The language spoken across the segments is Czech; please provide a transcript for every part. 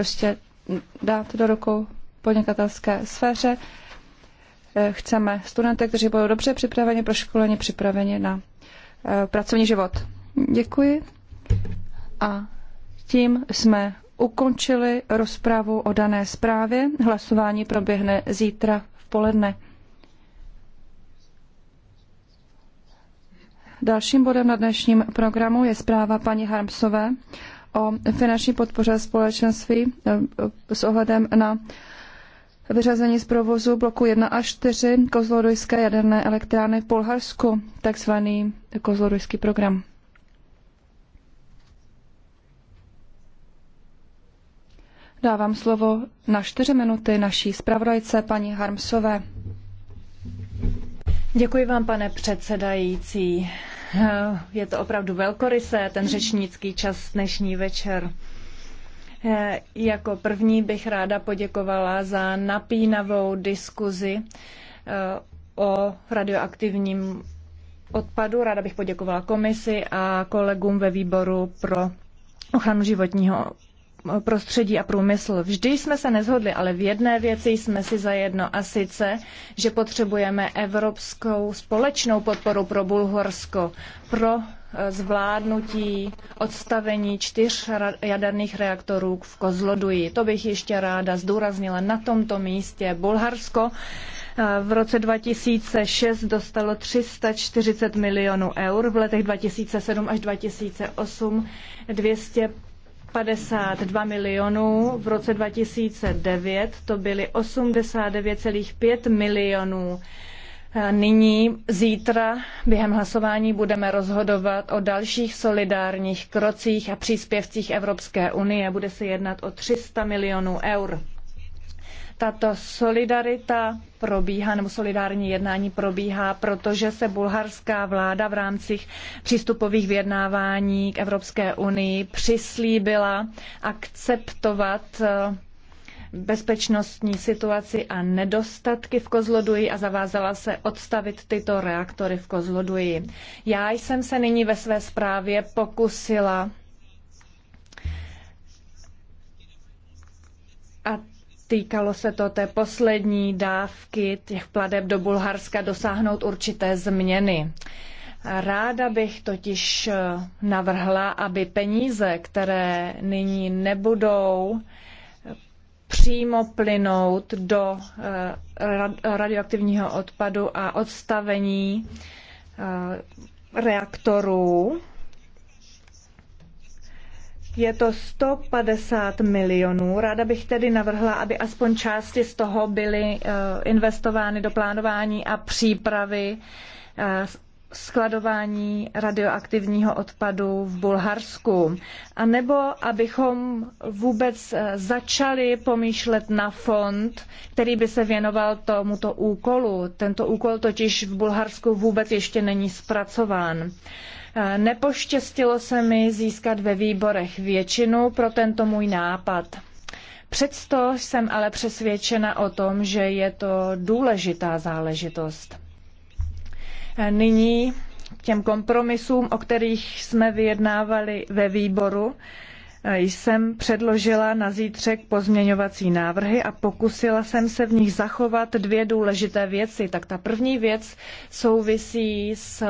prostě dát do rukou podnikatelské sféře. Eh, chceme studenty, kteří budou dobře připraveni pro školení, připraveni na eh, pracovní život. Děkuji. A tím jsme ukončili rozpravu o dané zprávě. Hlasování proběhne zítra v poledne. Dalším bodem na dnešním programu je zpráva paní Harmsové o finanční podpoře společenství eh, s ohledem na vyřazení z provozu bloku 1 až 4 kozlodojské jaderné elektrárny v Polharsku, takzvaný kozlodojský program. Dávám slovo na čtyři minuty naší zpravodajce paní Harmsové. Děkuji vám, pane předsedající. Eh, je to opravdu velkorysé, ten řečnický čas dnešní večer. Eh, jako první bych ráda poděkovala za napínavou diskuzi eh, o radioaktivním odpadu. Ráda bych poděkovala komisi a kolegům ve výboru pro ochranu životního prostředí a průmysl. Vždy jsme se nezhodli, ale v jedné věci jsme si zajedno a sice, že potřebujeme evropskou společnou podporu pro Bulhorsko, pro eh, zvládnutí odstavení čtyř jaderných reaktorů v Kozloduji. To bych ještě ráda zdůraznila na tomto místě. Bulharsko eh, v roce 2006 dostalo 340 milionů eur, v letech 2007 až 2008 200 52 milionů, v roce 2009 to byly 89,5 milionů. Nyní, zítra, během hlasování budeme rozhodovat o dalších solidárních krocích a příspěvcích Evropské unie. Bude se jednat o 300 milionů eur tato solidarita probíhá, nebo solidární jednání probíhá, protože se bulharská vláda v rámci přístupových vyjednávání k Evropské unii přislíbila akceptovat eh, bezpečnostní situaci a nedostatky v Kozloduji a zavázala se odstavit tyto reaktory v Kozloduji. Já jsem se nyní ve své zprávě pokusila a Týkalo se to té poslední dávky těch pladeb do Bulharska dosáhnout určité změny. Ráda bych totiž eh, navrhla, aby peníze, které nyní nebudou eh, přímo plynout do eh, radioaktivního odpadu a odstavení reaktorů, je to 150 milionů. Ráda bych tedy navrhla, aby aspoň části z toho byly eh, investovány do plánování a přípravy eh, skladování radioaktivního odpadu v Bulharsku. A nebo abychom vůbec eh, začali pomýšlet na fond, který by se věnoval tomuto úkolu. Tento úkol totiž v Bulharsku vůbec ještě není zpracován. Eh, nepoštěstilo se mi získat ve výborech většinu pro tento můj nápad. Přesto jsem ale přesvědčena o tom, že je to důležitá záležitost. Eh, nyní k těm kompromisům, o kterých jsme vyjednávali ve výboru, eh, jsem předložila na zítřek pozměňovací návrhy a pokusila jsem se v nich zachovat dvě důležité věci. Tak ta první věc souvisí s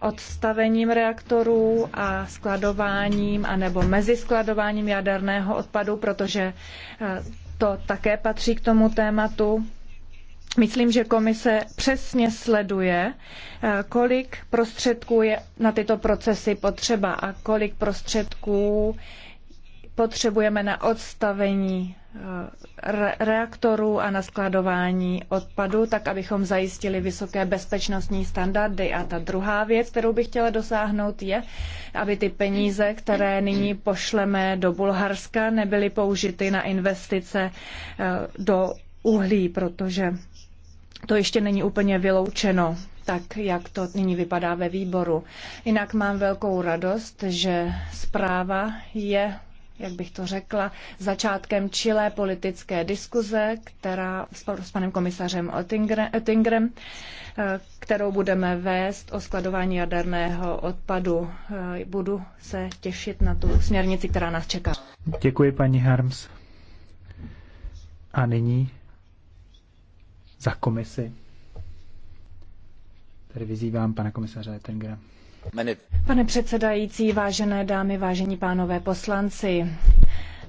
odstavením reaktorů a skladováním anebo mezi skladováním jaderného odpadu, protože eh, to také patří k tomu tématu. Myslím, že komise přesně sleduje, eh, kolik prostředků je na tyto procesy potřeba a kolik prostředků potřebujeme na odstavení Eh, reaktorů a na skladování odpadu, tak abychom zajistili vysoké bezpečnostní standardy. A ta druhá věc, kterou bych chtěla dosáhnout, je, aby ty peníze, které nyní pošleme do Bulharska, nebyly použity na investice eh, do uhlí, protože to ještě není úplně vyloučeno tak, jak to nyní vypadá ve výboru. Jinak mám velkou radost, že zpráva je jak bych to řekla, začátkem čilé politické diskuze, která s panem komisařem Oettingerem, eh, kterou budeme vést o skladování jaderného odpadu. Eh, budu se těšit na tu směrnici, která nás čeká. Děkuji, paní Harms. A nyní za komisi. Tady vyzývám pana komisaře Oettingera. Pane předsedající, vážené dámy, vážení pánové poslanci,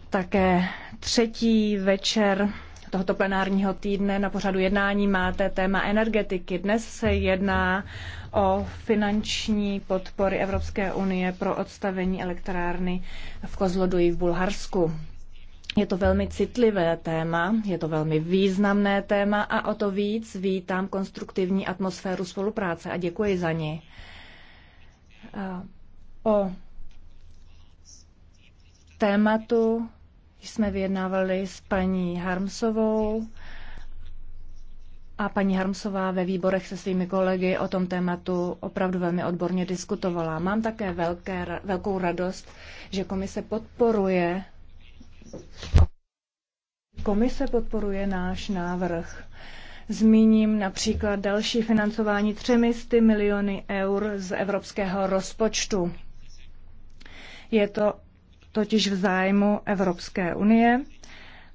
také třetí večer tohoto plenárního týdne na pořadu jednání máte téma energetiky. Dnes se jedná o finanční podpory Evropské unie pro odstavení elektrárny v Kozloduji v Bulharsku. Je to velmi citlivé téma, je to velmi významné téma a o to víc vítám konstruktivní atmosféru spolupráce a děkuji za ní. Eh, o tématu jsme vyjednávali s paní Harmsovou a paní Harmsová ve výborech se svými kolegy o tom tématu opravdu velmi odborně diskutovala. Mám také velké, velkou radost, že komise podporuje komise podporuje náš návrh. Zmíním například další financování 300 miliony eur z evropského rozpočtu. Je to totiž v zájmu Evropské unie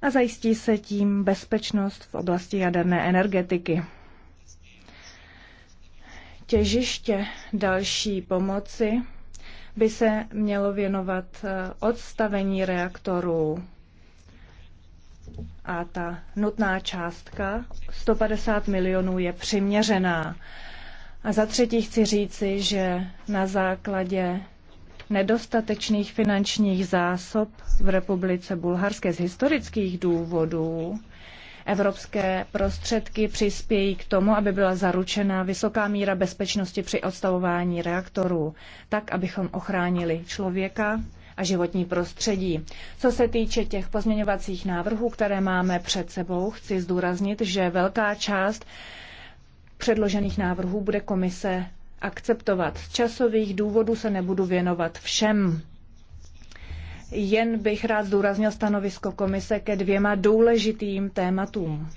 a zajistí se tím bezpečnost v oblasti jaderné energetiky. Těžiště další pomoci by se mělo věnovat eh, odstavení reaktorů a ta nutná částka 150 milionů je přiměřená. A za třetí chci říci, že na základě nedostatečných finančních zásob v republice Bulharské z historických důvodů evropské prostředky přispějí k tomu, aby byla zaručena vysoká míra bezpečnosti při odstavování reaktorů, tak abychom ochránili člověka, a životní prostředí. Co se týče těch pozměňovacích návrhů, které máme před sebou, chci zdůraznit, že velká část předložených návrhů bude komise akceptovat. Z časových důvodů se nebudu věnovat všem. Jen bych rád zdůraznil stanovisko komise ke dvěma důležitým tématům.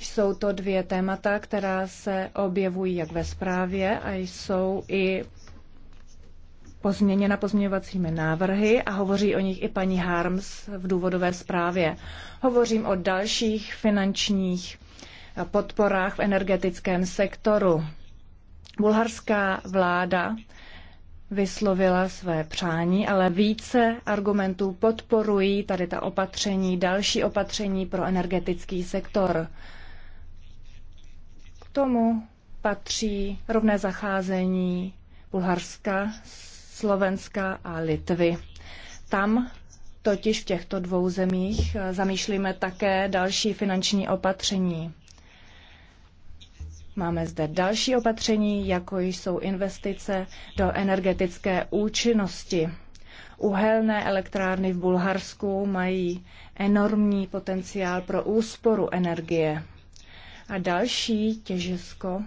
Jsou to dvě témata, která se objevují jak ve zprávě a jsou i pozměněna pozměňovacími návrhy a hovoří o nich i paní Harms v důvodové zprávě. Hovořím o dalších finančních podporách v energetickém sektoru. Bulharská vláda vyslovila své přání, ale více argumentů podporují tady ta opatření, další opatření pro energetický sektor. K tomu patří rovné zacházení Bulharska s Slovenska a Litvy. Tam totiž v těchto dvou zemích eh, zamýšlíme také další finanční opatření. Máme zde další opatření, jako jsou investice do energetické účinnosti. Uhelné elektrárny v Bulharsku mají enormní potenciál pro úsporu energie. A další těžisko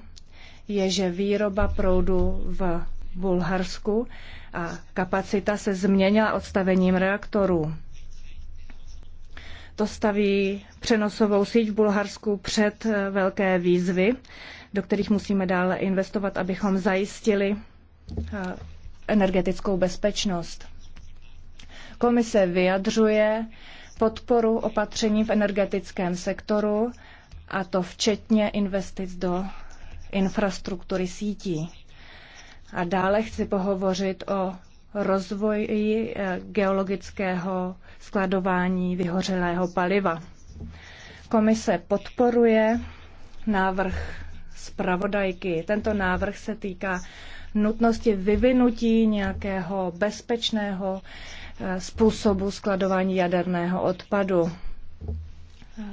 je, že výroba proudu v Bulharsku a kapacita se změnila odstavením reaktorů. To staví přenosovou síť v Bulharsku před eh, velké výzvy, do kterých musíme dále investovat, abychom zajistili eh, energetickou bezpečnost. Komise vyjadřuje podporu opatření v energetickém sektoru, a to včetně investic do infrastruktury sítí. A dále chci pohovořit o rozvoji eh, geologického skladování vyhořelého paliva. Komise podporuje návrh zpravodajky. Tento návrh se týká nutnosti vyvinutí nějakého bezpečného eh, způsobu skladování jaderného odpadu. Eh,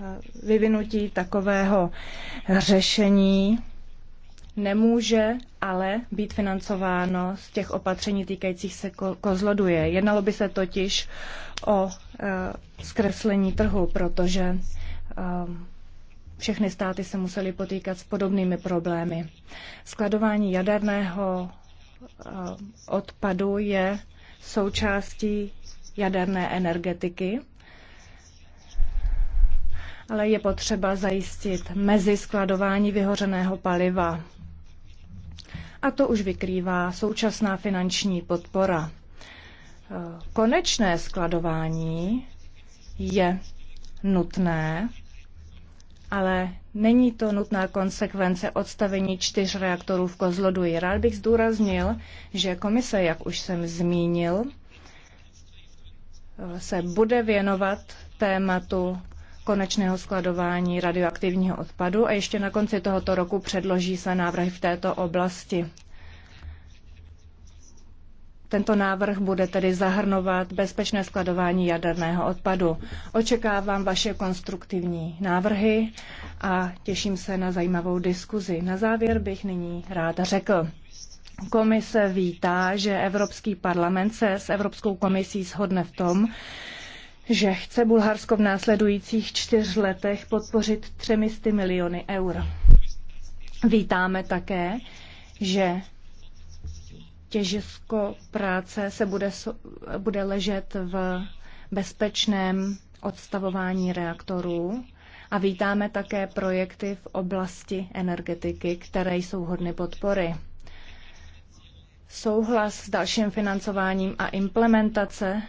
vyvinutí takového řešení nemůže ale být financováno z těch opatření týkajících se ko- kozloduje. Jednalo by se totiž o e, zkreslení trhu, protože e, všechny státy se musely potýkat s podobnými problémy. Skladování jaderného e, odpadu je součástí jaderné energetiky ale je potřeba zajistit mezi skladování vyhořeného paliva a to už vykrývá současná finanční podpora. E, konečné skladování je nutné, ale není to nutná konsekvence odstavení čtyř reaktorů v Kozloduji. Rád bych zdůraznil, že komise, jak už jsem zmínil, e, se bude věnovat tématu konečného skladování radioaktivního odpadu a ještě na konci tohoto roku předloží se návrhy v této oblasti. Tento návrh bude tedy zahrnovat bezpečné skladování jaderného odpadu. Očekávám vaše konstruktivní návrhy a těším se na zajímavou diskuzi. Na závěr bych nyní ráda řekl. Komise vítá, že Evropský parlament se s Evropskou komisí shodne v tom, že chce Bulharsko v následujících čtyř letech podpořit 300 miliony eur. Vítáme také, že těžisko práce se bude, bude ležet v bezpečném odstavování reaktorů a vítáme také projekty v oblasti energetiky, které jsou hodny podpory. Souhlas s dalším financováním a implementace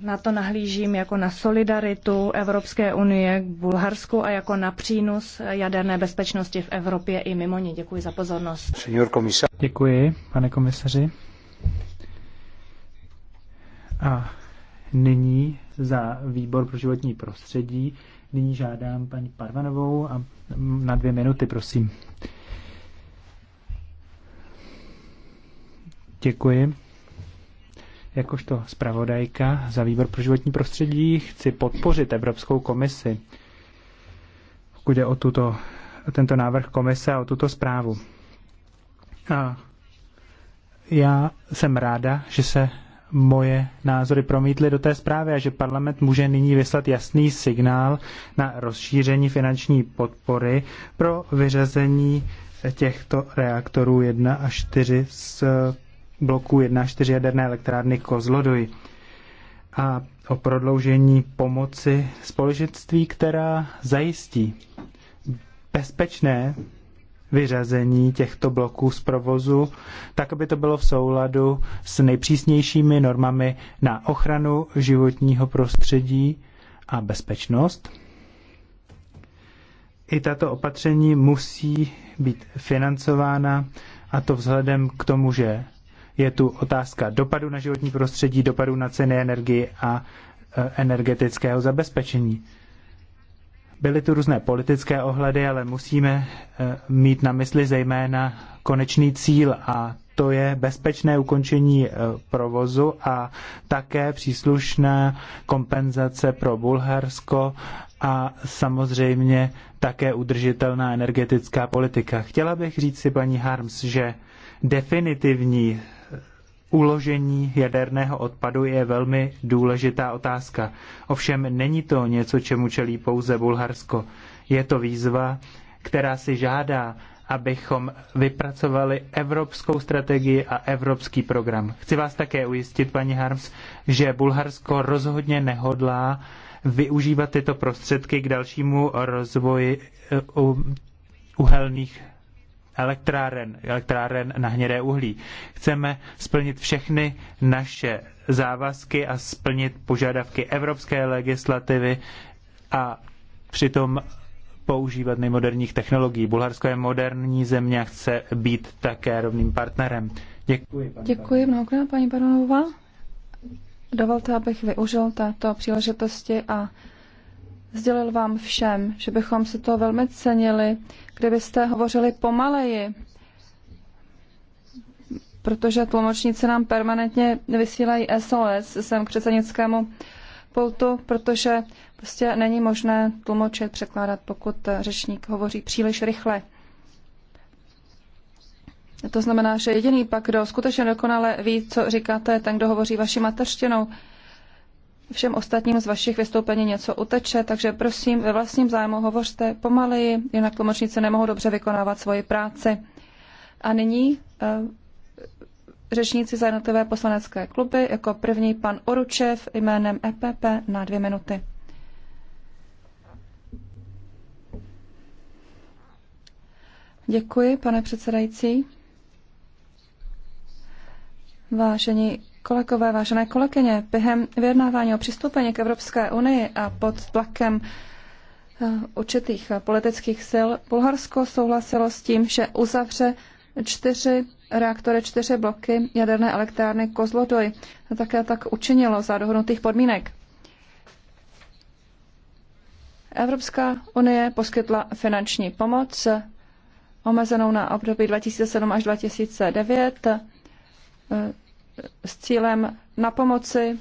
na to nahlížím jako na solidaritu Evropské unie k Bulharsku a jako na přínos jaderné bezpečnosti v Evropě i mimo ní. Děkuji za pozornost. Děkuji, pane komisaři. A nyní za výbor pro životní prostředí. Nyní žádám paní Parvanovou a na dvě minuty, prosím. Děkuji. Jakožto zpravodajka za výbor pro životní prostředí chci podpořit Evropskou komisi, pokud je o tuto, tento návrh komise a o tuto zprávu. A já jsem ráda, že se moje názory promítly do té zprávy a že parlament může nyní vyslat jasný signál na rozšíření finanční podpory pro vyřazení těchto reaktorů 1 a 4 z bloku 1.4 jaderné elektrárny Kozloduj a o prodloužení pomoci společenství, která zajistí bezpečné vyřazení těchto bloků z provozu, tak aby to bylo v souladu s nejpřísnějšími normami na ochranu životního prostředí a bezpečnost. I tato opatření musí být financována, a to vzhledem k tomu, že je tu otázka dopadu na životní prostředí, dopadu na ceny energie a e, energetického zabezpečení. Byly tu různé politické ohledy, ale musíme e, mít na mysli zejména konečný cíl a to je bezpečné ukončení e, provozu a také příslušná kompenzace pro Bulharsko a samozřejmě také udržitelná energetická politika. Chtěla bych říct si paní Harms, že definitivní uložení jaderného odpadu je velmi důležitá otázka. Ovšem není to něco, čemu čelí pouze Bulharsko. Je to výzva, která si žádá, abychom vypracovali evropskou strategii a evropský program. Chci vás také ujistit, paní Harms, že Bulharsko rozhodně nehodlá využívat tyto prostředky k dalšímu rozvoji eh, uhelných elektráren, elektráren na hnědé uhlí. Chceme splnit všechny naše závazky a splnit požadavky evropské legislativy a přitom používat nejmoderních technologií. Bulharsko je moderní země a chce být také rovným partnerem. Děkuji. Pan Děkuji pan. mnohokrát, paní Baronová. Dovolte, abych využil této příležitosti a sdělil vám všem, že bychom si to velmi cenili, kdybyste hovořili pomaleji, protože tlumočníci nám permanentně vysílají SOS sem k předsednickému pultu, protože prostě není možné tlumočit, překládat, pokud řečník hovoří příliš rychle. To znamená, že jediný pak, kdo skutečně dokonale ví, co říkáte, ten, kdo hovoří vaší mateřštinou všem ostatním z vašich vystoupení něco uteče, takže prosím, ve vlastním zájmu hovořte pomaleji, jinak tlumočníci nemohou dobře vykonávat svoji práci. A nyní uh, řečníci za jednotlivé poslanecké kluby, jako první pan Oručev jménem EPP na dvě minuty. Děkuji, pane předsedající. Vážení kolegové, vážené kolegyně, během vyjednávání o přistoupení k Evropské unii a pod tlakem eh, určitých eh, politických sil Bulharsko souhlasilo s tím, že uzavře čtyři reaktory, čtyři bloky jaderné elektrárny Kozlodoj. Také tak učinilo za dohodnutých podmínek. Evropská unie poskytla finanční pomoc eh, omezenou na období 2007 až 2009 s cílem na pomoci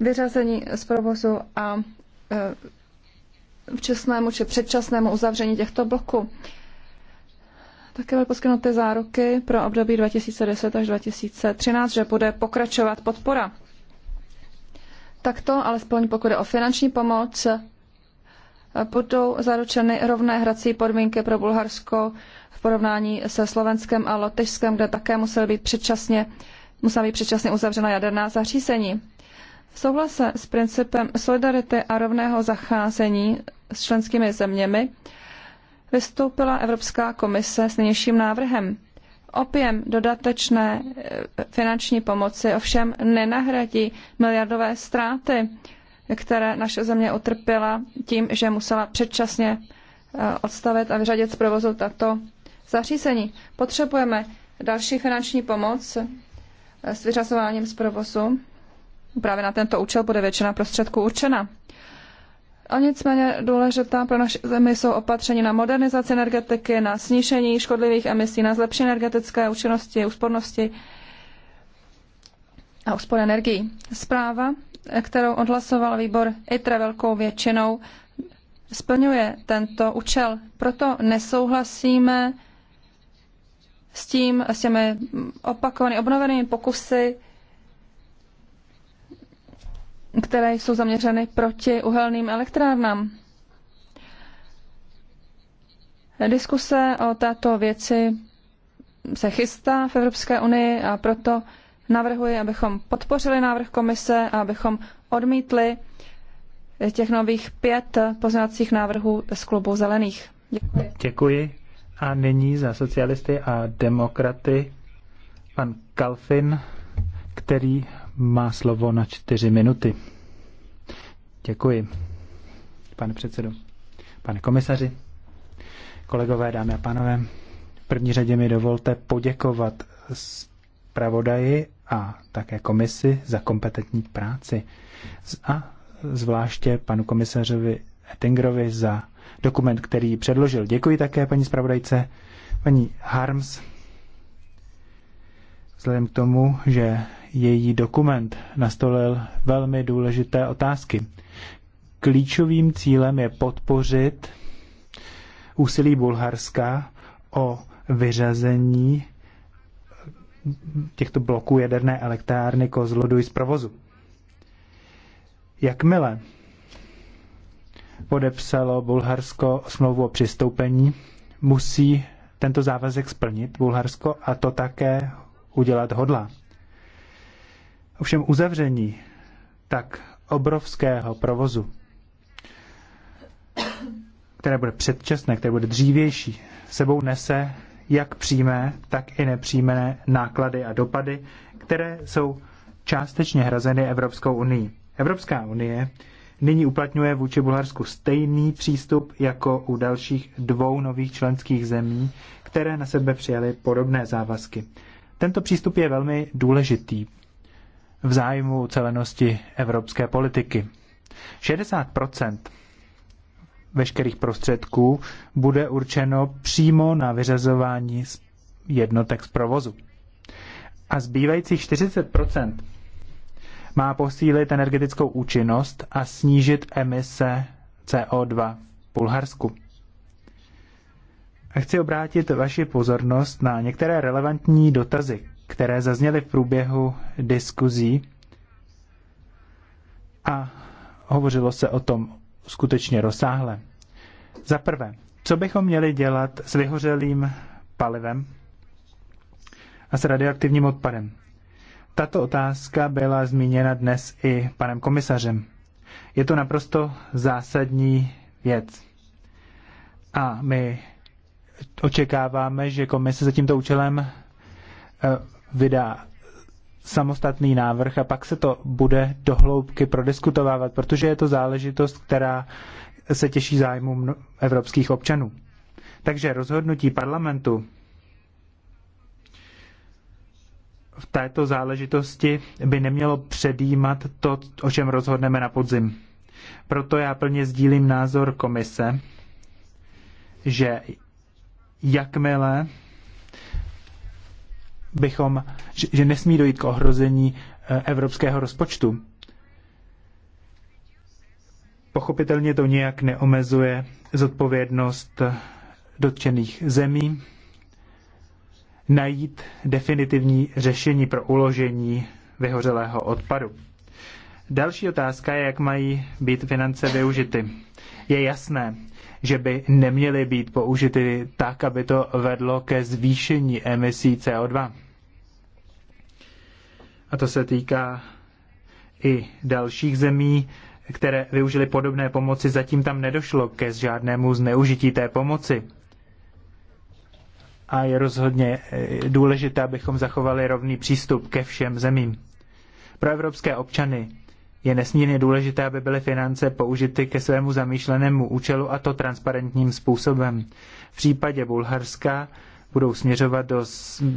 vyřazení z provozu a e, včasnému či předčasnému uzavření těchto bloků. Také byly poskytnuty záruky pro období 2010 až 2013, že bude pokračovat podpora. Takto, alespoň pokud je o finanční pomoc, budou zaručeny rovné hrací podmínky pro Bulharsko v porovnání se Slovenskem a Lotyšskem, kde také musely být předčasně musela být předčasně uzavřena jaderná zařízení. V souhlase s principem solidarity a rovného zacházení s členskými zeměmi vystoupila Evropská komise s nynějším návrhem. Opěm dodatečné eh, finanční pomoci ovšem nenahradí miliardové ztráty, které naše země utrpěla tím, že musela předčasně eh, odstavit a vyřadit z provozu tato zařízení. Potřebujeme další finanční pomoc s vyřazováním z provozu. Právě na tento účel bude většina prostředků určena. A nicméně důležitá pro naši zemi jsou opatření na modernizaci energetiky, na snížení škodlivých emisí, na zlepšení energetické účinnosti, úspornosti a úspor energií. Zpráva, kterou odhlasoval výbor ITRE velkou většinou, splňuje tento účel. Proto nesouhlasíme s tím, s těmi opakovanými, obnovenými pokusy, které jsou zaměřeny proti uhelným elektrárnám. Diskuse o této věci se chystá v Evropské unii a proto navrhuji, abychom podpořili návrh komise a abychom odmítli těch nových pět poznacích návrhů z klubu zelených. Děkuji. Děkuji. A nyní za socialisty a demokraty pan Kalfin, který má slovo na čtyři minuty. Děkuji, pane předsedo, pane komisaři, kolegové, dámy a pánové. V první řadě mi dovolte poděkovat zpravodaji a také komisi za kompetentní práci a zvláště panu komisařovi Ettingerovi za dokument, který předložil. Děkuji také paní zpravodajce, paní Harms. Vzhledem k tomu, že její dokument nastolil velmi důležité otázky. Klíčovým cílem je podpořit úsilí Bulharska o vyřazení těchto bloků jaderné elektrárny Kozloduj z provozu. Jakmile podepsalo Bulharsko smlouvu o přistoupení, musí tento závazek splnit Bulharsko a to také udělat hodla. Ovšem uzavření tak obrovského provozu, které bude předčasné, které bude dřívější, sebou nese jak přímé, tak i nepřímé náklady a dopady, které jsou částečně hrazeny Evropskou unii. Evropská unie nyní uplatňuje vůči Bulharsku stejný přístup jako u dalších dvou nových členských zemí, které na sebe přijaly podobné závazky. Tento přístup je velmi důležitý v zájmu celenosti evropské politiky. 60 veškerých prostředků bude určeno přímo na vyřazování jednotek z provozu. A zbývajících 40 má posílit energetickou účinnost a snížit emise CO2 v Bulharsku. A chci obrátit vaši pozornost na některé relevantní dotazy, které zazněly v průběhu diskuzí a hovořilo se o tom skutečně rozsáhle. Za prvé, co bychom měli dělat s vyhořelým palivem a s radioaktivním odpadem? Tato otázka byla zmíněna dnes i panem komisařem. Je to naprosto zásadní věc. A my očekáváme, že komise za tímto účelem eh, vydá samostatný návrh a pak se to bude dohloubky prodiskutovávat, protože je to záležitost, která se těší zájmu evropských občanů. Takže rozhodnutí parlamentu v této záležitosti by nemělo předjímat to, o čem rozhodneme na podzim. Proto já plně sdílím názor komise, že jakmile bychom, že nesmí dojít k ohrození eh, evropského rozpočtu. Pochopitelně to nijak neomezuje zodpovědnost eh, dotčených zemí, najít definitivní řešení pro uložení vyhořelého odpadu. Další otázka je, jak mají být finance využity. Je jasné, že by neměly být použity tak, aby to vedlo ke zvýšení emisí CO2. A to se týká i dalších zemí, které využily podobné pomoci, zatím tam nedošlo ke žádnému zneužití té pomoci a je rozhodně eh, důležité, abychom zachovali rovný přístup ke všem zemím. Pro evropské občany je nesmírně důležité, aby byly finance použity ke svému zamýšlenému účelu a to transparentním způsobem. V případě Bulharska budou směřovat do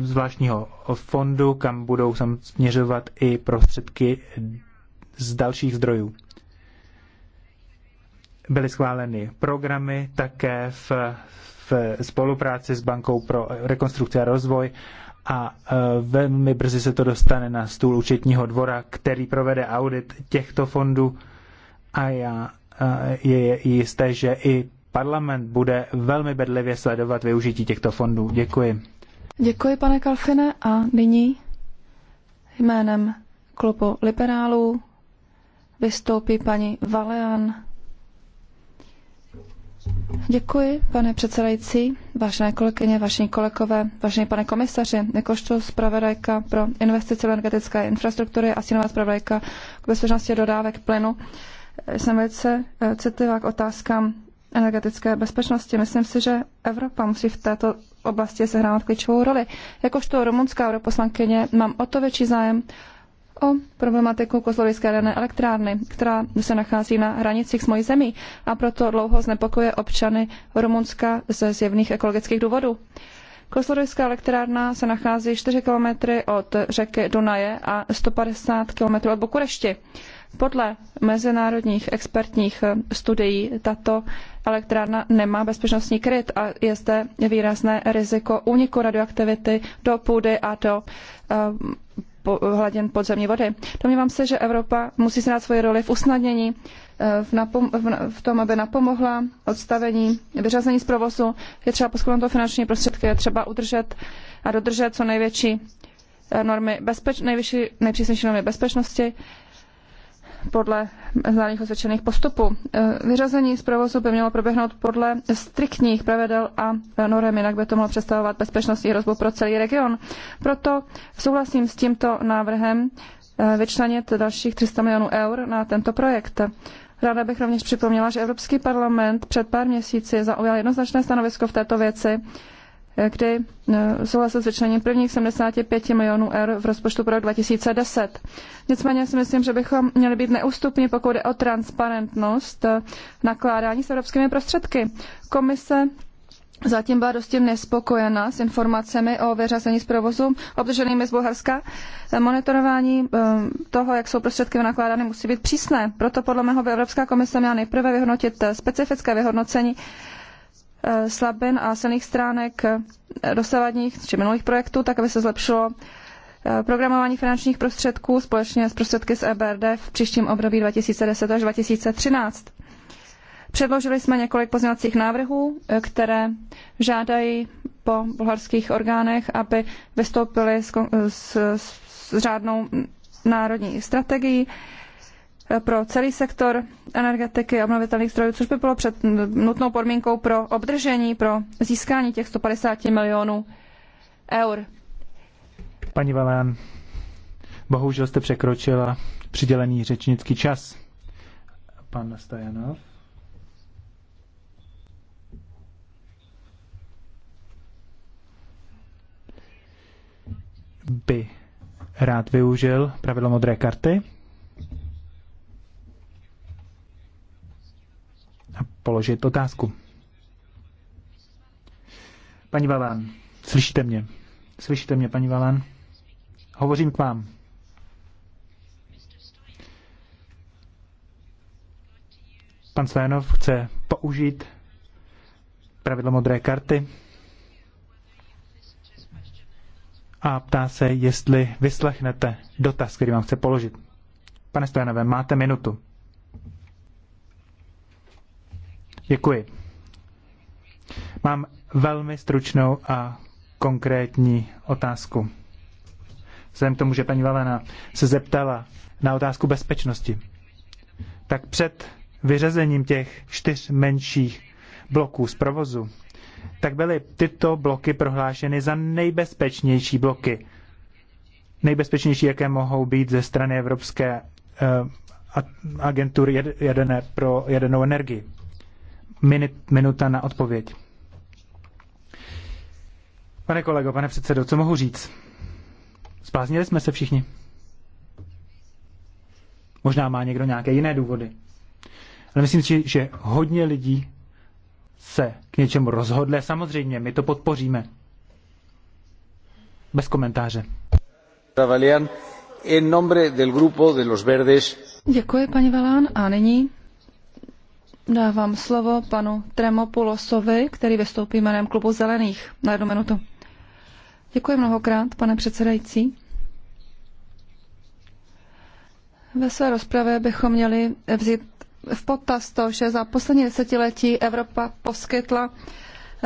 zvláštního fondu, kam budou směřovat i prostředky z dalších zdrojů. Byly schváleny programy také v v spolupráci s Bankou pro rekonstrukci a rozvoj a e, velmi brzy se to dostane na stůl účetního dvora, který provede audit těchto fondů a já e, je jisté, že i parlament bude velmi bedlivě sledovat využití těchto fondů. Děkuji. Děkuji, pane Kalfine, a nyní jménem klubu liberálů vystoupí paní Valean Děkuji, pane předsedající, vážené kolegyně, vážení kolegové, vážený pane komisaři, jakožto zpravodajka pro investice do energetické infrastruktury a synová zpravodajka k bezpečnosti dodávek plynu, jsem velice eh, citlivá k otázkám energetické bezpečnosti. Myslím si, že Evropa musí v této oblasti sehrávat klíčovou roli. Jakožto rumunská europoslankyně mám o to větší zájem o problematiku kozlovické jaderné elektrárny, která se nachází na hranicích s mojí zemí a proto dlouho znepokuje občany Rumunska ze zjevných ekologických důvodů. Kozlovická elektrárna se nachází 4 km od řeky Dunaje a 150 km od Bukurešti. Podle mezinárodních expertních studií tato elektrárna nemá bezpečnostní kryt a je zde výrazné riziko úniku radioaktivity do půdy a do hladin podzemní vody. Domnívám se, že Evropa musí znát svoji roli v usnadnění, eh, v, napom- v tom, aby napomohla odstavení, vyřazení z provozu. Je třeba poskytnout finanční prostředky, je třeba udržet a dodržet co největší eh, normy bezpeč- nejvyšší, nejpřísnější normy bezpečnosti podle znaných osvědčených postupů. Eh, vyřazení z provozu by mělo proběhnout podle striktních pravidel a eh, norem, jinak by to mohlo představovat bezpečnostní hrozbu pro celý region. Proto souhlasím s tímto návrhem eh, vyčlenit dalších 300 milionů eur na tento projekt. Ráda bych rovněž připomněla, že Evropský parlament před pár měsíci zaujal jednoznačné stanovisko v této věci kdy eh, souhlasil s vyčlením prvních 75 milionů eur v rozpočtu pro rok 2010. Nicméně si myslím, že bychom měli být neústupní, pokud jde o transparentnost eh, nakládání s evropskými prostředky. Komise zatím byla dosti nespokojena s informacemi o vyřazení z provozu obdrženými z Bulharska. Eh, monitorování toho, jak jsou prostředky vynakládány, musí být přísné. Proto podle mého by Evropská komise měla nejprve vyhodnotit specifické vyhodnocení Eh, slabin a silných stránek eh, dosavadních či minulých projektů, tak aby se zlepšilo eh, programování finančních prostředků společně s prostředky z EBRD v příštím období 2010 až 2013. Předložili jsme několik pozměňovacích návrhů, které žádají po bulharských orgánech, aby vystoupili s, s, s řádnou národní strategií pro celý sektor energetiky a obnovitelných zdrojů, což by bylo před nutnou podmínkou pro obdržení, pro získání těch 150 milionů eur. Paní Valán, bohužel jste překročila přidělený řečnický čas. Pan Stajanov. by rád využil pravidlo modré karty. položit otázku. Paní Valán, slyšíte mě? Slyšíte mě, paní Valán? Hovořím k vám. Pan Svénov chce použít pravidlo modré karty a ptá se, jestli vyslechnete dotaz, který vám chce položit. Pane Stojanové, máte minutu. Děkuji. Mám velmi stručnou a konkrétní otázku. Vzhledem k tomu, že paní Valena se zeptala na otázku bezpečnosti, tak před vyřazením těch čtyř menších bloků z provozu, tak byly tyto bloky prohlášeny za nejbezpečnější bloky. Nejbezpečnější, jaké mohou být ze strany Evropské uh, agentury jedené pro jadernou energii minuta na odpověď. Pane kolego, pane předsedo, co mohu říct? Zbláznili jsme se všichni. Možná má někdo nějaké jiné důvody. Ale myslím si, že hodně lidí se k něčemu rozhodle. Samozřejmě, my to podpoříme. Bez komentáře. Děkuji, paní Valán. A nyní Dávám slovo panu Tremopulosovi, který vystoupí jménem klubu Zelených. Na jednu minutu. Děkuji mnohokrát, pane předsedající. Ve své rozpravě bychom měli vzít v potaz to, že za poslední desetiletí Evropa poskytla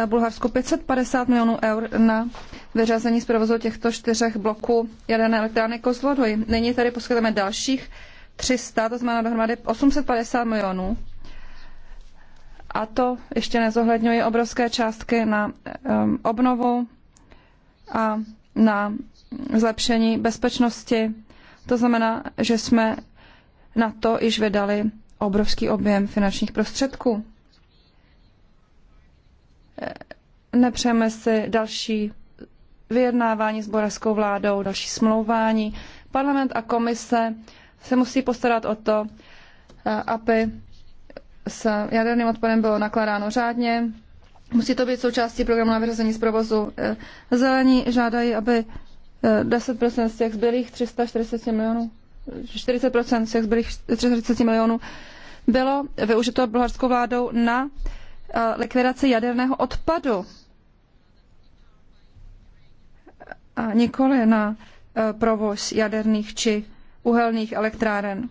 Bulharsku 550 milionů eur na vyřazení z provozu těchto čtyřech bloků jaderné elektrárny Kozlodoj. Nyní tady poskytujeme dalších 300, to znamená dohromady 850 milionů a to ještě nezohledňuje obrovské částky na um, obnovu a na zlepšení bezpečnosti. To znamená, že jsme na to již vydali obrovský objem finančních prostředků. Nepřejeme si další vyjednávání s boreskou vládou, další smlouvání. Parlament a komise se musí postarat o to, eh, aby s jaderným odpadem bylo nakládáno řádně. Musí to být součástí programu na vyřazení z provozu. Eh, Zelení žádají, aby 10% eh, z těch zbylých 340 milionů, 40% z těch zbylých 340 milionů bylo využito bulharskou vládou na eh, likvidaci jaderného odpadu. A nikoli na provoz jaderných či uhelných elektráren.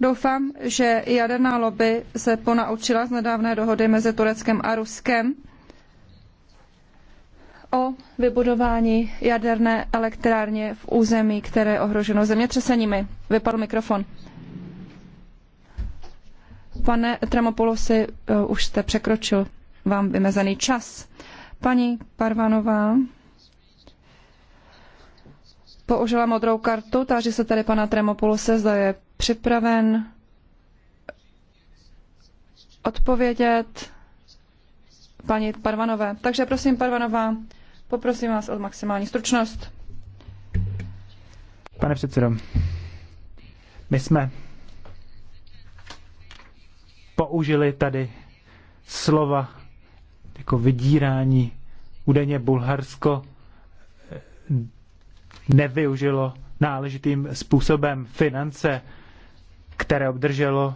Doufám, že jaderná lobby se ponaučila z nedávné dohody mezi Tureckem a Ruskem o vybudování jaderné elektrárně v území, které je ohroženo zemětřeseními. Vypadl mikrofon. Pane Tramopolosi, eh, už jste překročil vám vymezený čas. Paní Parvanová použila modrou kartu, táži se tady pana Tremopolose, zda je připraven odpovědět paní Parvanové. Takže prosím, Parvanová, poprosím vás o maximální stručnost. Pane předsedo, my jsme použili tady slova jako vydírání. Údajně Bulharsko eh, nevyužilo náležitým způsobem finance které obdrželo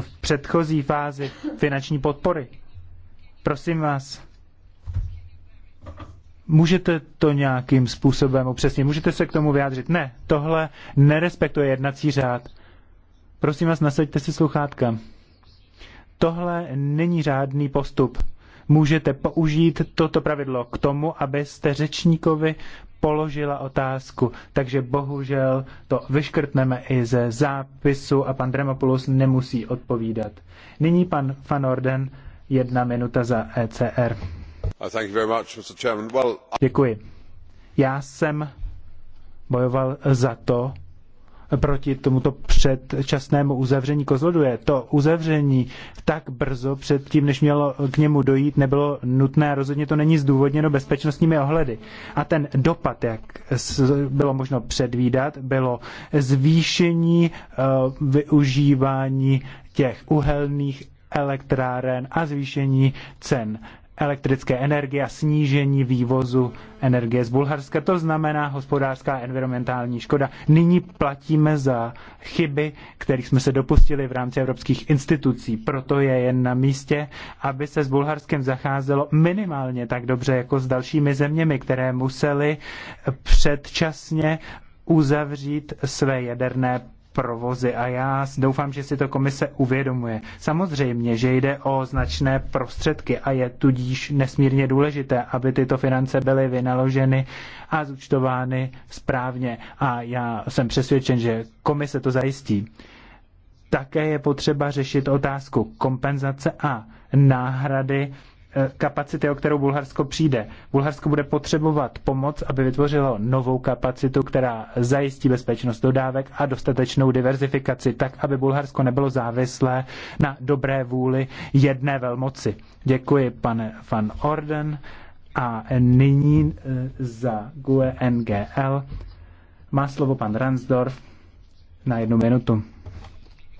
v předchozí fázi finanční podpory. Prosím vás, můžete to nějakým způsobem upřesnit? Můžete se k tomu vyjádřit? Ne, tohle nerespektuje jednací řád. Prosím vás, nasaďte si sluchátka. Tohle není řádný postup můžete použít toto pravidlo k tomu, abyste řečníkovi položila otázku. Takže bohužel to vyškrtneme i ze zápisu a pan Dremopoulos nemusí odpovídat. Nyní pan Van Orden, jedna minuta za ECR. Uh, Děkuji. Já jsem bojoval za to, proti tomuto předčasnému uzavření kozloduje. To uzavření tak brzo před tím, než mělo k němu dojít, nebylo nutné a rozhodně to není zdůvodněno bezpečnostními ohledy. A ten dopad, jak bylo možno předvídat, bylo zvýšení eh, využívání těch uhelných elektráren a zvýšení cen elektrické energie a snížení vývozu energie z Bulharska. To znamená hospodářská a environmentální škoda. Nyní platíme za chyby, kterých jsme se dopustili v rámci evropských institucí. Proto je jen na místě, aby se s Bulharskem zacházelo minimálně tak dobře jako s dalšími zeměmi, které museli předčasně uzavřít své jaderné provozy a já doufám, že si to komise uvědomuje. Samozřejmě, že jde o značné prostředky a je tudíž nesmírně důležité, aby tyto finance byly vynaloženy a zúčtovány správně a já jsem přesvědčen, že komise to zajistí. Také je potřeba řešit otázku kompenzace a náhrady Eh, kapacity, o kterou Bulharsko přijde. Bulharsko bude potřebovat pomoc, aby vytvořilo novou kapacitu, která zajistí bezpečnost dodávek a dostatečnou diverzifikaci, tak aby Bulharsko nebylo závislé na dobré vůli jedné velmoci. Děkuji, pane Van Orden. A nyní eh, za GUE NGL má slovo pan Ransdorf na jednu minutu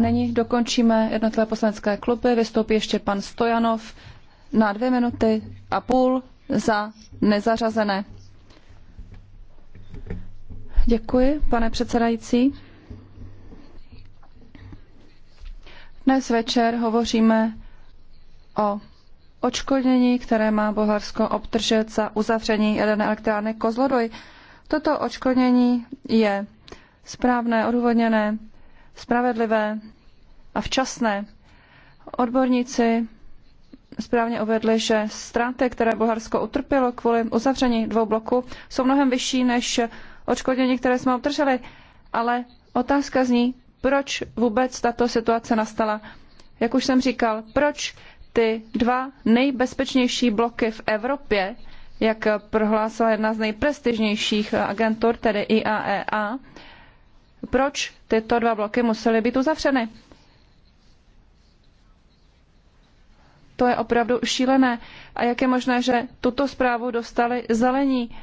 Není, dokončíme jednotlivé poslanecké kluby. Vystoupí ještě pan Stojanov na dvě minuty a půl za nezařazené. Děkuji, pane předsedající. Dnes večer hovoříme o očkodnění, které má Bulharsko obtržet za uzavření jedné elektrárny Kozlodoj. Toto očkodnění je správné, odůvodněné, spravedlivé a včasné. Odborníci správně uvedli, že ztráty, které Bulharsko utrpělo kvůli uzavření dvou bloků, jsou mnohem vyšší než odškodnění, které jsme obdrželi. Ale otázka zní, proč vůbec tato situace nastala. Jak už jsem říkal, proč ty dva nejbezpečnější bloky v Evropě, jak prohlásila jedna z nejprestižnějších agentur, tedy IAEA, e proč tyto dva bloky musely být uzavřeny. To je opravdu šílené. A jak je možné, že tuto zprávu dostali zelení?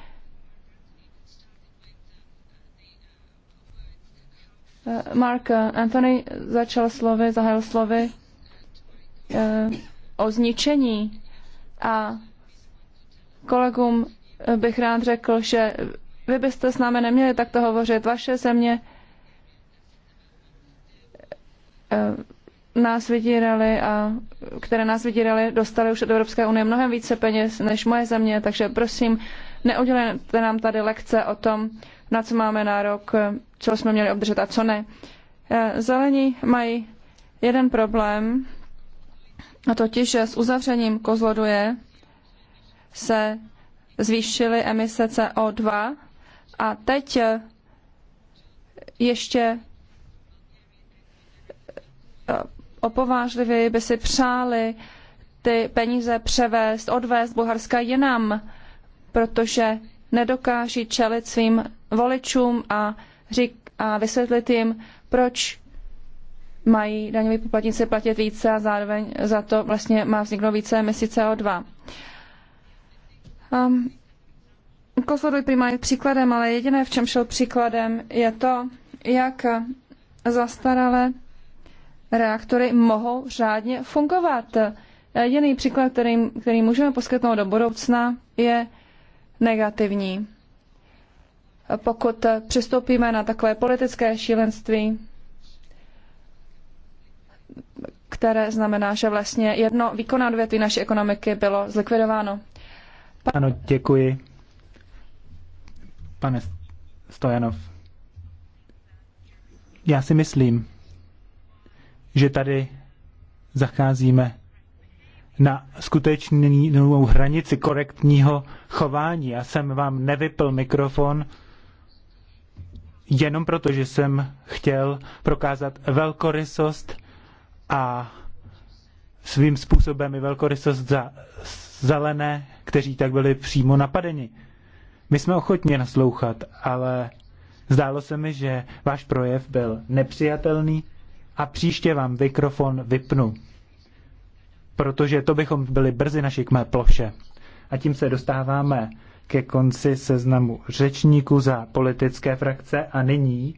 Eh, Mark eh, Anthony začal slovy, zahájil slovy eh, o zničení a kolegům bych rád řekl, že vy byste s námi neměli takto hovořit. Vaše země Eh, nás vydírali a které nás vydírali, dostali už od Evropské unie mnohem více peněz než moje země, takže prosím, neudělejte nám tady lekce o tom, na co máme nárok, co jsme měli obdržet a co ne. Eh, zelení mají jeden problém, a totiž, že s uzavřením kozloduje se zvýšily emise CO2 a teď eh, ještě Eh, opovážlivěji by si přáli ty peníze převést, odvést Bulharska jinam, protože nedokáží čelit svým voličům a, řík, a vysvětlit jim, proč mají daňoví poplatníci platit více a zároveň za to vlastně má vzniknout více emisí CO2. Um, ehm, Kosovo je je příkladem, ale jediné, v čem šel příkladem, je to, jak zastarale reaktory mohou řádně fungovat. Jediný příklad, který, který můžeme poskytnout do budoucna, je negativní. Pokud přistoupíme na takové politické šílenství, které znamená, že vlastně jedno výkonné odvětví naší ekonomiky bylo zlikvidováno. Pa... Ano, děkuji. Pane Stojanov, já si myslím, že tady zacházíme na skutečnou hranici korektního chování. Já jsem vám nevypl mikrofon jenom proto, že jsem chtěl prokázat velkorysost a svým způsobem i velkorysost za zelené, kteří tak byli přímo napadeni. My jsme ochotně naslouchat, ale zdálo se mi, že váš projev byl nepřijatelný a příště vám mikrofon vypnu, protože to bychom byli brzy k mé ploše. A tím se dostáváme ke konci seznamu řečníků za politické frakce a nyní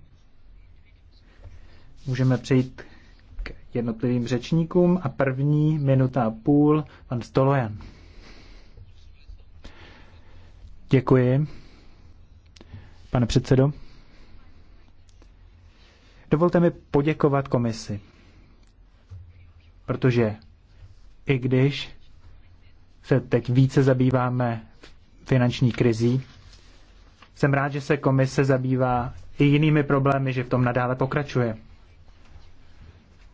můžeme přejít k jednotlivým řečníkům a první minuta a půl pan Stolojan. Děkuji. Pane předsedo. Dovolte mi poděkovat komisi, protože i když se teď více zabýváme finanční krizí, jsem rád, že se komise zabývá i jinými problémy, že v tom nadále pokračuje.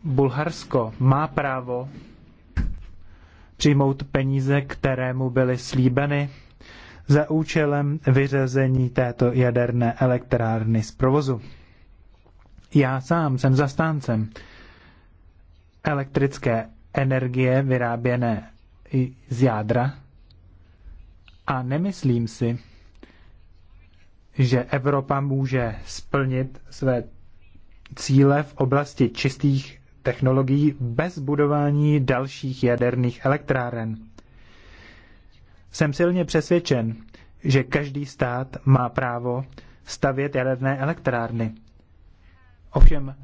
Bulharsko má právo přijmout peníze, které mu byly slíbeny za účelem vyřazení této jaderné elektrárny z provozu. Já sám jsem zastáncem elektrické energie vyráběné z jádra a nemyslím si, že Evropa může splnit své cíle v oblasti čistých technologií bez budování dalších jaderných elektráren. Jsem silně přesvědčen, že každý stát má právo stavět jaderné elektrárny Ovšem,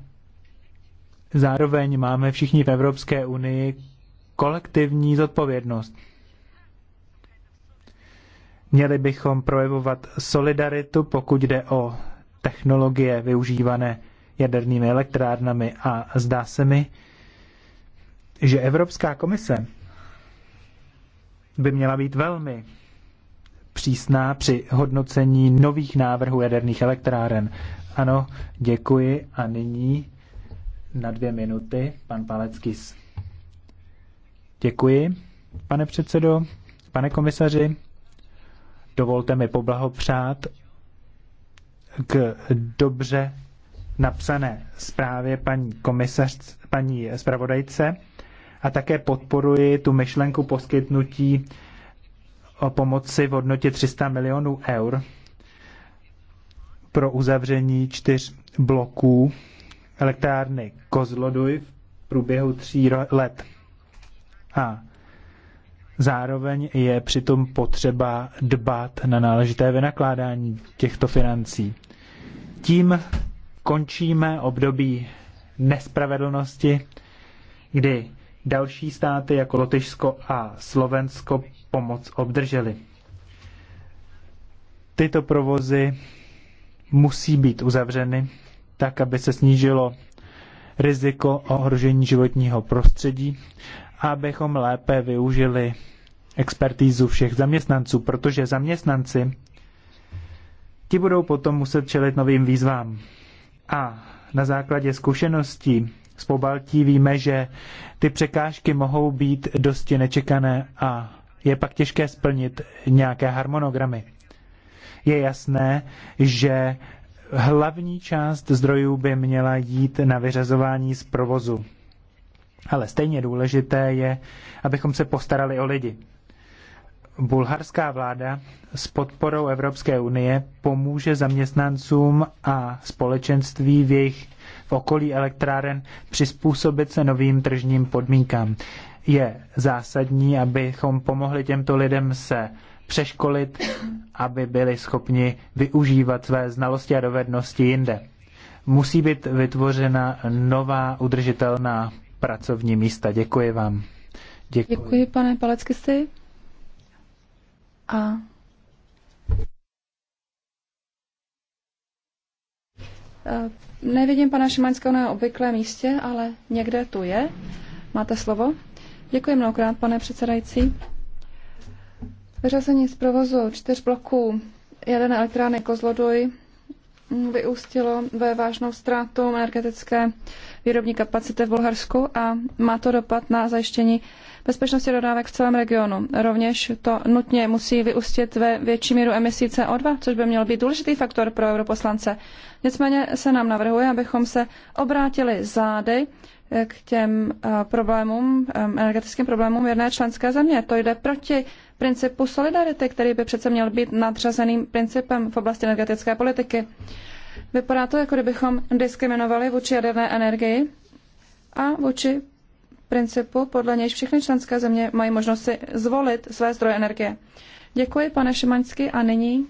zároveň máme všichni v Evropské unii kolektivní zodpovědnost. Měli bychom projevovat solidaritu, pokud jde o technologie využívané jadernými elektrárnami a zdá se mi, že Evropská komise by měla být velmi přísná při hodnocení nových návrhů jaderných elektráren. Ano, děkuji a nyní na dvě minuty pan Paleckis. Děkuji, pane předsedo, pane komisaři. Dovolte mi poblahopřát k dobře napsané zprávě paní komisař, paní zpravodajce a také podporuji tu myšlenku poskytnutí o pomoci v hodnotě 300 milionů eur pro uzavření čtyř bloků elektrárny Kozloduj v průběhu tří let. A zároveň je přitom potřeba dbát na náležité vynakládání těchto financí. Tím končíme období nespravedlnosti, kdy Další státy jako Lotyšsko a Slovensko pomoc obdržely. Tyto provozy musí být uzavřeny tak, aby se snížilo riziko ohrožení životního prostředí a abychom lépe využili expertízu všech zaměstnanců, protože zaměstnanci ti budou potom muset čelit novým výzvám. A na základě zkušeností z Pobaltí víme, že ty překážky mohou být dosti nečekané a je pak těžké splnit nějaké harmonogramy. Je jasné, že hlavní část zdrojů by měla jít na vyřazování z provozu. Ale stejně důležité je, abychom se postarali o lidi. Bulharská vláda s podporou Evropské unie pomůže zaměstnancům a společenství v jejich okolí elektráren přizpůsobit se novým tržním podmínkám. Je zásadní, abychom pomohli těmto lidem se přeškolit, aby byli schopni využívat své znalosti a dovednosti jinde. Musí být vytvořena nová udržitelná pracovní místa. Děkuji vám. Děkuji, Děkuji pane Palecky Jsi. A Nevidím pana Šimaňského na obvyklé místě, ale někde tu je. Máte slovo? Děkuji mnohokrát, pane předsedající. Vyřazení z provozu čtyř bloků jaderné elektrárny Kozloduj vyústilo ve vážnou ztrátu energetické výrobní kapacity v Bulharsku a má to dopad na zajištění bezpečnosti dodávek v celém regionu. Rovněž to nutně musí vyústit ve větší míru emisí CO2, což by měl být důležitý faktor pro europoslance. Nicméně se nám navrhuje, abychom se obrátili zády eh, k těm eh, problémům, eh, energetickým problémům jedné členské země. To jde proti principu solidarity, který by přece měl být nadřazeným principem v oblasti energetické politiky. Vypadá to, jako kdybychom diskriminovali vůči jaderné energii a vůči principu, podle nějž všechny členské země mají možnost si zvolit své zdroje energie. Děkuji, pane Šimaňský, a nyní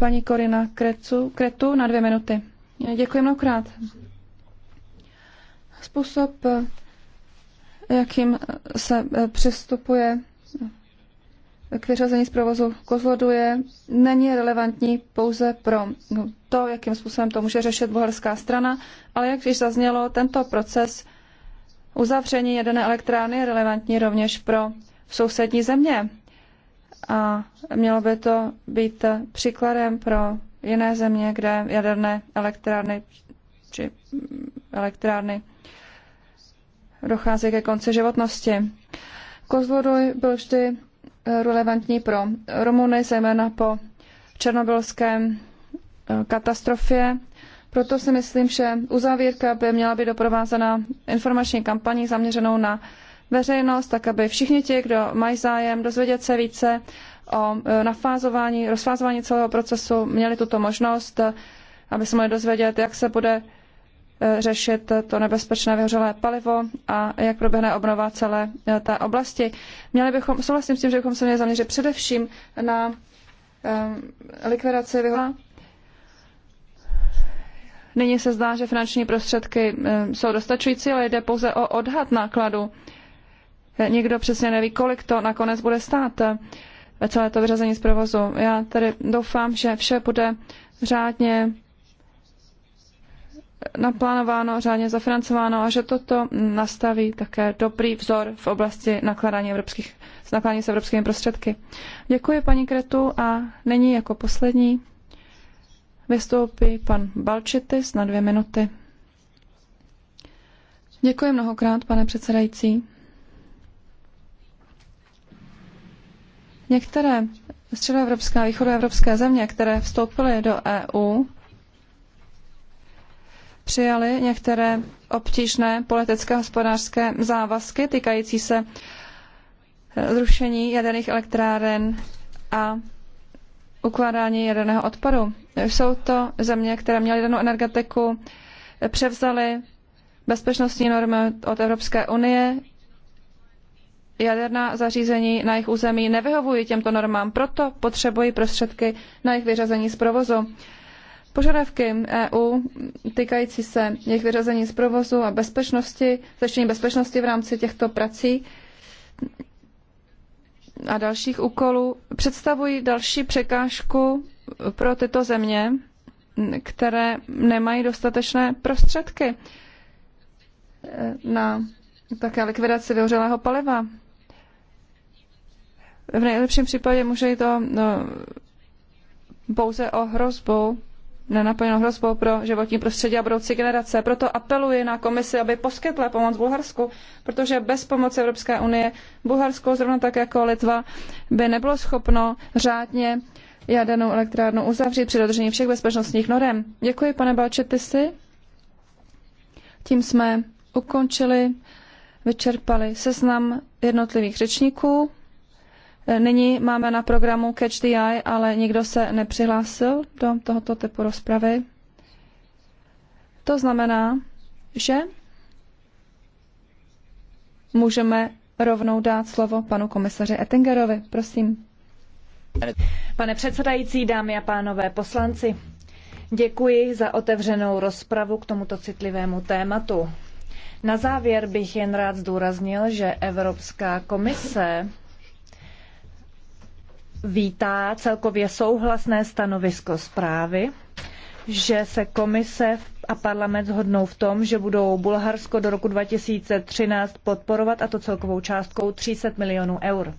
paní Korina Kretu, Kretu na dvě minuty. Děkuji mnohokrát. Způsob, jakým se eh, přistupuje k vyřazení z provozu kozlodu je, není relevantní pouze pro no, to, jakým způsobem to může řešit bulharská strana, ale jak již zaznělo, tento proces uzavření jedné elektrárny je relevantní rovněž pro sousední země a mělo by to být příkladem pro jiné země, kde jaderné elektrárny či mm, elektrárny dochází ke konci životnosti. Kozloduj byl vždy eh, relevantní pro Rumuny, zejména po černobylské eh, katastrofě. Proto si myslím, že uzavírka by měla být doprovázena informační kampaní zaměřenou na veřejnost, tak aby všichni ti, kdo mají zájem dozvědět se více o e, nafázování, rozfázování celého procesu, měli tuto možnost, e, aby se mohli dozvědět, jak se bude e, řešit to nebezpečné vyhořelé palivo a jak proběhne obnova celé té oblasti. Měli bychom, souhlasím s tím, že bychom se měli zaměřit především na um, likvidaci vyhořelé Nyní se zdá, že finanční prostředky jsou dostačující, ale jde pouze o odhad nákladu. Nikdo přesně neví, kolik to nakonec bude stát eh, celé to vyřazení z provozu. Já tedy doufám, že vše bude řádně naplánováno, řádně zafinancováno a že toto nastaví také dobrý vzor v oblasti nakládání, evropských, nakládání s evropskými prostředky. Děkuji paní Kretu a nyní jako poslední vystoupí pan Balčitis na dvě minuty. Děkuji mnohokrát, pane předsedající. Některé středoevropské a východoevropské země, které vstoupily do EU, přijaly některé obtížné politické hospodářské závazky týkající se eh, zrušení jaderných elektráren a ukládání jaderného odpadu. Jsou to země, které měly jadernou energetiku, převzaly bezpečnostní normy od Evropské unie, jaderná zařízení na jejich území nevyhovují těmto normám, proto potřebují prostředky na jejich vyřazení z provozu. Požadavky EU týkající se jejich vyřazení z provozu a bezpečnosti, zajištění bezpečnosti v rámci těchto prací a dalších úkolů představují další překážku pro tyto země, které nemají dostatečné prostředky na také likvidaci vyhořelého paliva. V nejlepším případě může jít o no, pouze o hrozbu, nenaplněnou hrozbou pro životní prostředí a budoucí generace. Proto apeluji na komisi, aby poskytla pomoc Bulharsku, protože bez pomoci Evropské unie Bulharsko, zrovna tak jako Litva, by nebylo schopno řádně jadernou elektrárnu uzavřít při dodržení všech bezpečnostních norem. Děkuji, pane Balčetisi. Tím jsme ukončili, vyčerpali seznam jednotlivých řečníků. Nyní máme na programu Catch the Eye, ale nikdo se nepřihlásil do tohoto typu rozpravy. To znamená, že můžeme rovnou dát slovo panu komisaři Ettingerovi. Prosím. Pane předsedající, dámy a pánové poslanci, děkuji za otevřenou rozpravu k tomuto citlivému tématu. Na závěr bych jen rád zdůraznil, že Evropská komise vítá celkově souhlasné stanovisko zprávy, že se komise a parlament shodnou v tom, že budou Bulharsko do roku 2013 podporovat a to celkovou částkou 300 milionů eur.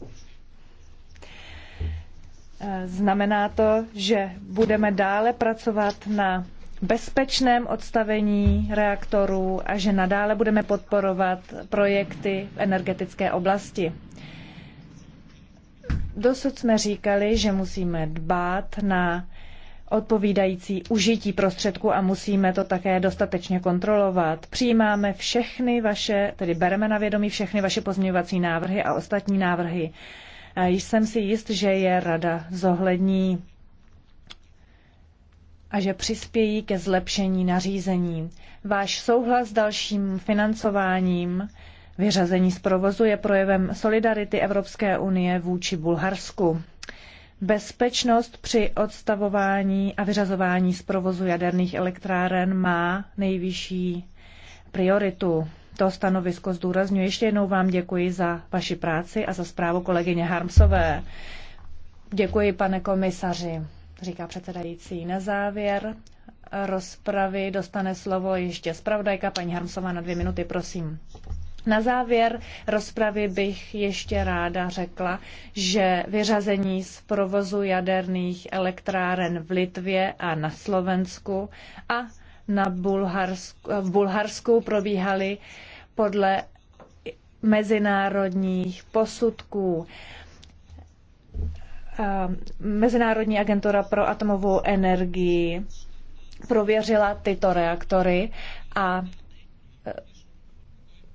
Znamená to, že budeme dále pracovat na bezpečném odstavení reaktorů a že nadále budeme podporovat projekty v energetické oblasti. Dosud jsme říkali, že musíme dbát na odpovídající užití prostředků a musíme to také dostatečně kontrolovat. Přijímáme všechny vaše, tedy bereme na vědomí všechny vaše pozměňovací návrhy a ostatní návrhy. Jsem si jist, že je rada zohlední a že přispějí ke zlepšení nařízení. Váš souhlas s dalším financováním Vyřazení z provozu je projevem solidarity Evropské unie vůči Bulharsku. Bezpečnost při odstavování a vyřazování z provozu jaderných elektráren má nejvyšší prioritu. To stanovisko zdůrazňuji. Ještě jednou vám děkuji za vaši práci a za zprávu kolegyně Harmsové. Děkuji, pane komisaři, říká předsedající. Na závěr rozpravy dostane slovo ještě zpravodajka paní Harmsová na dvě minuty, prosím. Na závěr rozpravy bych ještě ráda řekla, že vyřazení z provozu jaderných elektráren v Litvě a na Slovensku a na Bulharsku, v Bulharsku probíhaly podle mezinárodních posudků. Mezinárodní agentura pro atomovou energii prověřila tyto reaktory a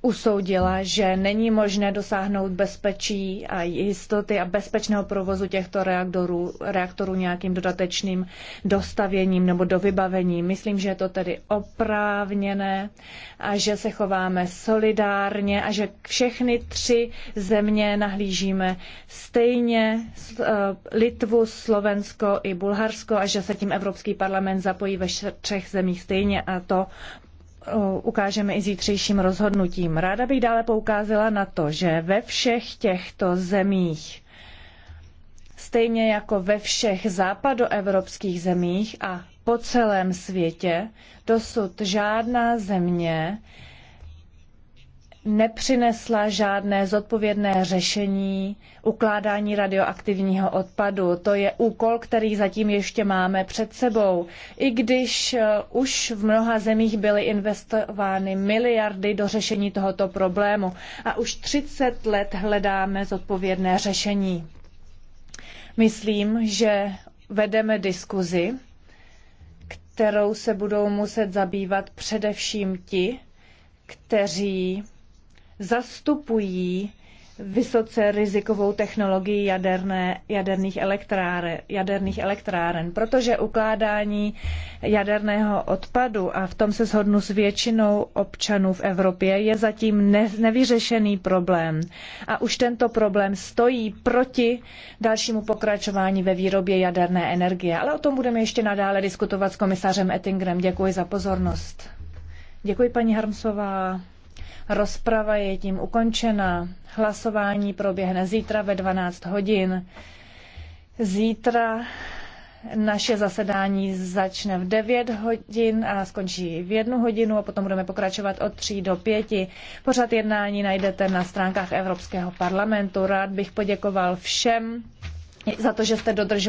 usoudila, že není možné dosáhnout bezpečí a jistoty a bezpečného provozu těchto reaktorů, reaktorů nějakým dodatečným dostavěním nebo dovybavením. Myslím, že je to tedy oprávněné a že se chováme solidárně a že všechny tři země nahlížíme stejně eh, Litvu, Slovensko i Bulharsko a že se tím Evropský parlament zapojí ve třech zemích stejně a to Eh, ukážeme i zítřejším rozhodnutím. Ráda bych dále poukázala na to, že ve všech těchto zemích, stejně jako ve všech západoevropských zemích a po celém světě, dosud žádná země nepřinesla žádné zodpovědné řešení ukládání radioaktivního odpadu. To je úkol, který zatím ještě máme před sebou. I když eh, už v mnoha zemích byly investovány miliardy do řešení tohoto problému a už 30 let hledáme zodpovědné řešení. Myslím, že vedeme diskuzi, kterou se budou muset zabývat především ti, kteří zastupují vysoce rizikovou technologii jaderné, jaderných, elektráre, jaderných elektráren, protože ukládání jaderného odpadu, a v tom se shodnu s většinou občanů v Evropě, je zatím ne, nevyřešený problém. A už tento problém stojí proti dalšímu pokračování ve výrobě jaderné energie. Ale o tom budeme ještě nadále diskutovat s komisařem Ettingrem. Děkuji za pozornost. Děkuji, paní Harmsová. Rozprava je tím ukončena. Hlasování proběhne zítra ve 12 hodin. Zítra naše zasedání začne v 9 hodin a skončí v 1 hodinu a potom budeme pokračovat od 3 do 5. Pořad jednání najdete na stránkách Evropského parlamentu. Rád bych poděkoval všem za to, že jste dodrželi